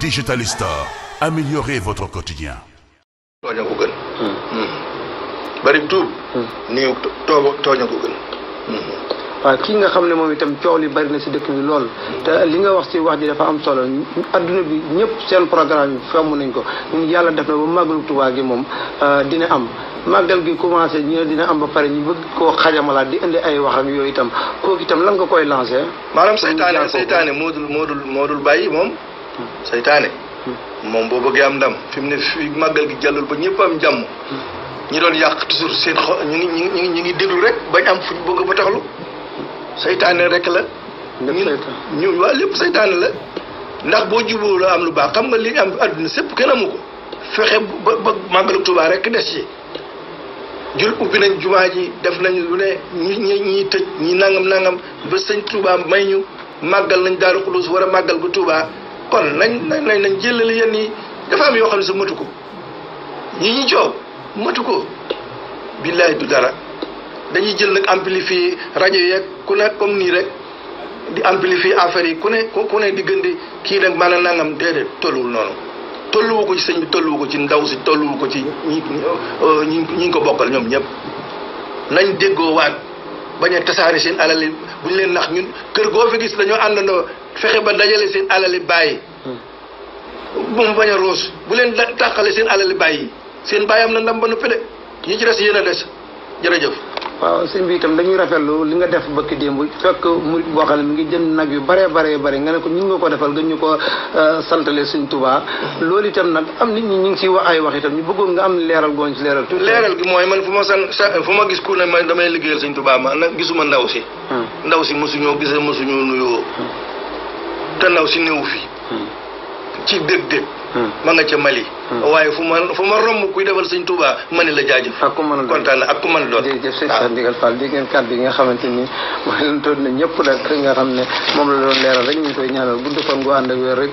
Digital Store, améliorez votre ko gën. Hmm. Hmm. bari tuub. Hmm. néew too tooña ko gën. waaw kii nga xam ne moom itam coow li bari na si dëkk bi lool te li nga wax si wax ji dafa am solo adduna bi ñëpp seen programme yi femm nañ ko yàlla def na ba màggalu Tuubaa gi moom euh, dina am màggal gi commencé ñu ne dina am ba pare ñu bëgg koo xajamalaat di indi ay wax ak yooyu itam kooku itam lan nga koy lancé. maanaam seytaane seytaane moo moo dul moo dul bàyyi moom. seytaane hmm. moom boo bëggee am ndam fi mu ne fii màggal gi jàllul ba ñëpp am jàmm hmm. ñi doon yàq toujours seen xo ñu ñi ñu ngi ñu ngi déglu rek bañ am fuñ bëgg ba taxlu saytaane rek la ñu waa lépp seytaane la ndax boo juboo la am lu baax xam nga li am adduna sépp kenn amu ko fexe ba ba màggalu Tuubaa rek des ci jul ubbi nañ jumaa ji def nañ lu ne tëj ñi nangam nangam ba sëñ Tuubaa may ñu màggal nañ Daaru Xudoos war a màggal bu Tuubaa kon nañ nañ nañ nañ jëlale yenn yi dafa am yoo xam ne sa matu ko ñi ñuy joow matu ko billaay du dara dañuy jël nag amplifier rajo yeeg ku ne comme nii rek di amplifier affaire yi ku ne ku ne diggante kii rek maanaam nangam déedéet tolluwul noonu tolluwu ko ci sëñ bi ko ci ndaw si tolluwu ko ci ñi ñi ko bokkal ñoom ñëpp nañ déggoowaat bañ a tasaare seen alali bu ñu leen nax ñun kër goo fi gis dañoo àndandoo fexe ba dajale seen alali bàyyi. moom bañ a roos bu leen tàqale seen alali bàyyi seen bàyyi am na ndam ba noppi de ñi ci des yéen a des jërëjëf. waaw sëñ bi itam dañuy rafetlu li nga def bëkk démb fekk murit boo xam mu ngi jënd nag yu bare bare bare nga ne ko ñu nga ko defal nga ñu ko euh, santale sëñ tubaa loolu itam nag am nit ñi ñu ngi si wax ay wax itam ñu bëggoon nga am leeral gooñ ci leeral tuuti leeral gi mooy man fu ma san fu ma gis ku ne ma damay liggéeyal sëñ Tuubaa ma nag gisuma ndaw si hmm. ndaw si mosuñoo gisee mosuñoo nuyoo hmm. te ndaw si néew fi hmm. ci dëgg-dëgg. Hmm. ma nga ca Mali. Hmm. waaye fu ma fu ma romb kuy defal sëñ Touba ma ne la jaajëf. ak ku mën a doon kontaan ak ku mën a doon. jërëjëf sëñ Cheikh Ndigal nga xamante ni mooy leen doon ñëpp nag rek nga xam ne moom la doon leeral rek ñu koy ñaanal bu fan gu ànd ak rek.